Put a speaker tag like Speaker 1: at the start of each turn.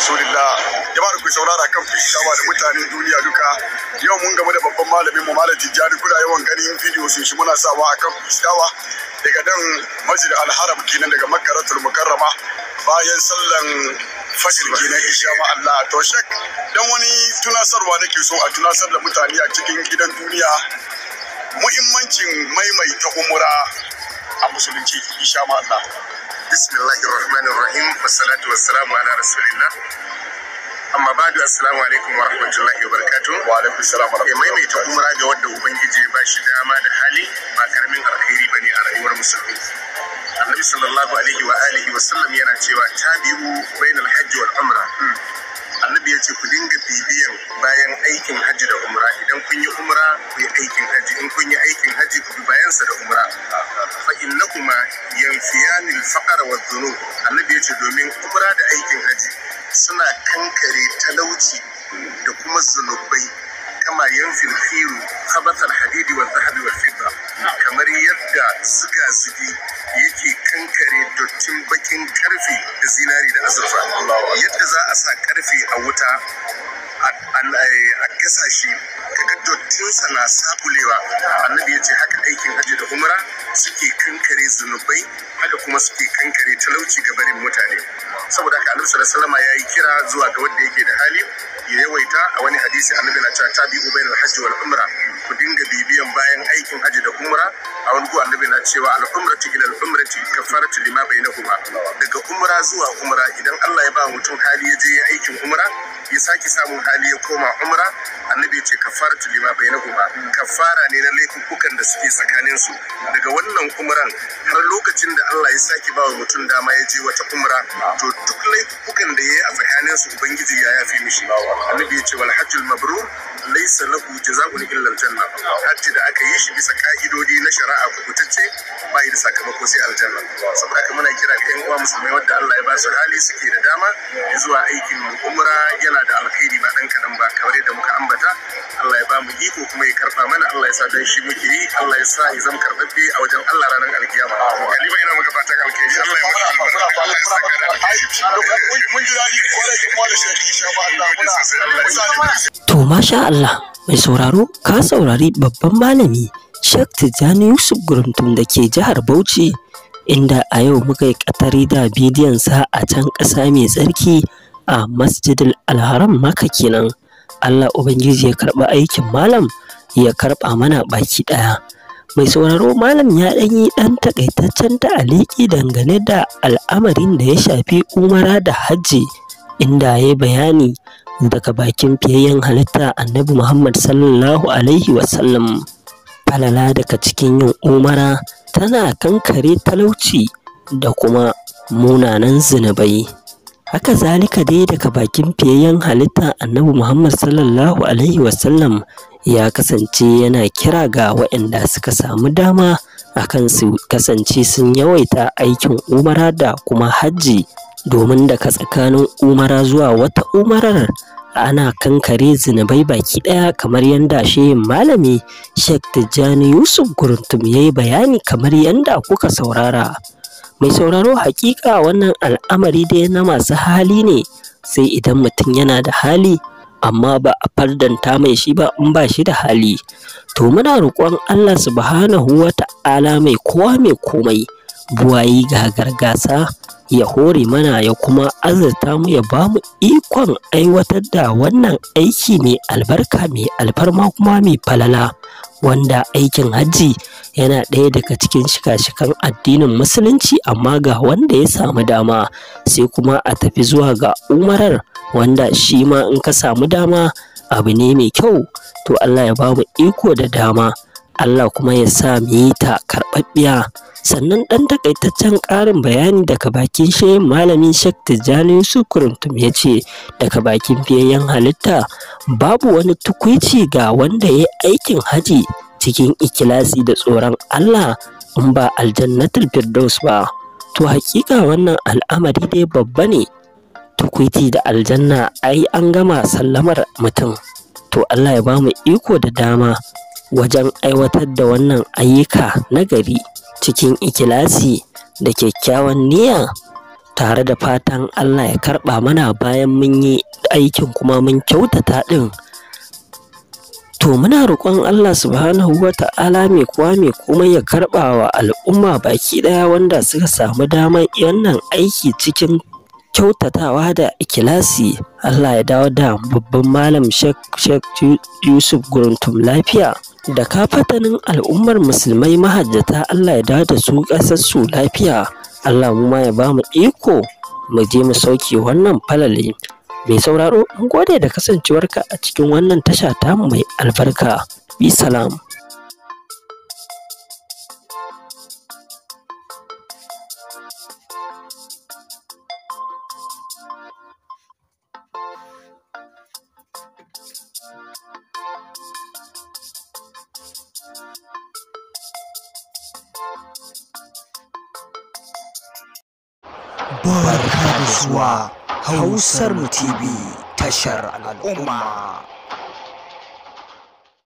Speaker 1: rasulillah jama'ar ku saurara kan fishawa da mutanen duniya duka yau mun gaba da babban malamin mu malam tijjani kuna yawan ganin bidiyo sun shi muna sawa akan fishawa daga dan masjid al-haram kenan daga makkaratul mukarrama bayan sallan fajr kenan insha Allah to shek dan wani tunasarwa nake so a tunasar da mutane a cikin gidan duniya muhimmancin maimaita umura a musulunci insha Allah bismillahir rahmanir rahim wassalatu wassalamu ala rasulillah amma ba da assalamu alaikum wa rahmatullahi wa barakatuh wa alaikum salam wa maimaita umra ga wanda ubangiji ba shi dama da hali ba karamin alkhairi bane a rayuwar musulmi annabi sallallahu alaihi wa alihi wa sallam yana cewa tabi'u bainal hajji wal umra hmm. annabi ya ce ku dinga bibiyan bayan aikin hajji da umra idan kun yi umra ku yi aikin hajji in kun yi aikin hajji ku bi bayansa da umra fa kuma yanfiyani al wa dhunub annabi ya ce domin umra da aikin hajji suna kankare talauci da kuma zunubai kama yanfil khiru hadidi wa dhahabi wa fidda kamar yadda zuga zugi yake kankare dottin bakin karfe da zinari da azurfa yadda za a sa karfe a wuta a kasa shi kaga dottinsa na sabulewa annabi ya ce haka aikin hajji da umra suke kankare zunubai haka kuma suke kankare talauci ga barin mutane saboda haka annabi sallallahu alaihi ya yi kira zuwa ga wanda yake da hali ya yawaita a wani hadisi annabi na cewa tabi'u bainal alhaji wal umra ku dinga bibiyan bayan aikin haji da umra a wani gu annabi na cewa al umratu ila al umrati kafaratu lima bainahuma daga umra zuwa umra idan Allah ya ba mutum hali ya je aikin umra ya sake samun hali ya koma umra annabi ya ce kafaratu lima bainahuma kafara ne na laifukan da suke tsakanin su daga wannan umran har lokacin da Allah ya sake ba mutum dama ya je wata umra to duk laifukan da yayi a tsakanin su ubangiji ya yafi mishi annabi ya ce wal hajjul mabrur laysa lahu jazaa'un illa aljanna hajji da aka yi shi bisa ka'idodi na shari'a kutace ba yi da sakamako sai aljanna saboda haka muna kira ga yan uwa musulmai wanda Allah Allah ya ba su hali suke da dama zuwa aikin umra yana da alkhairi ba dan kadan ba kamar yadda muka ambata Allah ya ba mu iko kuma ya
Speaker 2: karfa mana Allah ya sa dan shi
Speaker 1: muke yi Allah ya sa ya zama karɓaɓɓe a wajen Allah ranar alkiyama kaliba ina muka fata alkhairi Allah ya maka albarka Allah ya saka da alkhairi mun ji daɗi kwarai da mu da shi insha Allah
Speaker 2: to masha Allah mai sauraro ka saurari babban malami Sheikh Tijjani Yusuf Gurumtum da ke jihar Bauchi inda a yau muka yi ƙatari da bidiyon sa a can ƙasa mai tsarki a masjidil alharam maka kenan Allah Ubangiji ya karɓi aikin malam ya karɓa mana baki ɗaya. Mai sauraro malam ya ɗan yi ɗan takaitaccen ta'aliki dangane da al'amarin da ya shafi umara da hajji inda ya bayani daga bakin fiyayyen halitta annabi Muhammad sallallahu alaihi wasallam. Falala daga cikin yin umara tana kankare talauci da kuma munanan zunubai haka zalika dai daga bakin fiyayyen halitta annabi muhammad sallallahu alaihi wasallam ya kasance yana kira ga waɗanda suka samu dama akan su kasance sun yawaita aikin umara da kuma hajji domin daga tsakanin umara zuwa wata umarar ana kankare zinabai baki ɗaya kamar yadda shehin malami Sheikh Tijjani Yusuf Guruntum ya yi bayani kamar yadda kuka saurara. Mai sauraro hakika wannan al'amari dai na masu hali ne sai idan mutum yana da hali amma ba a fardanta mai shi ba in ba shi da hali. To muna roƙon Allah subhanahu wa ta'ala mai kowa mai komai. buwayi ga gargasa ya hore mana ya kuma azurta mu ya bamu ikon aiwatar da wannan aiki mai albarka mai alfarma kuma mai falala wanda aikin hajji yana ɗaya daga cikin shika-shikan addinin musulunci amma ga wanda ya samu dama sai kuma a tafi zuwa ga umarar wanda shi ma in ka samu dama abu ne mai kyau to Allah ya bamu iko da dama Allah kuma ya sa mu yi ta karɓaɓɓiya sannan ɗan takaitaccen ƙarin bayani daga bakin shehin malami Sheikh Tijjani Yusuf Kurumtum ya ce daga bakin fiyayyen halitta babu wani tukwici ga wanda ya aikin haji cikin ikilasi da tsoron Allah in ba aljannatul firdaus ba to hakika wannan al'amari dai babba ne tukwici da aljanna ai an gama sallamar mutum to Allah ya bamu iko da dama wajen aiwatar da wannan ayyuka nagari cikin ikilasi, da kyakkyawan niyya tare da fatan Allah ya karɓa mana bayan mun yi aikin kuma mun kyautata ɗin. To muna roƙon Allah subhanahu wa ta'ala mai kuwa mai kuma ya karɓa wa al'umma baki ɗaya wanda suka samu damar wannan aiki cikin kyautatawa da ikilasi Allah ya dawo da babban malam Sheikh Yusuf Guruntum lafiya da kafatanin al'ummar musulmai mahajjata Allah ya dawo da su ƙasarsu lafiya Allah mu ma ya ba mu iko mu je mu sauke wannan falali mai sauraro mun gode da kasancewarka a cikin wannan tasha ta mai albarka bi salam barka da zuwa hausar mu tv tashar al'umma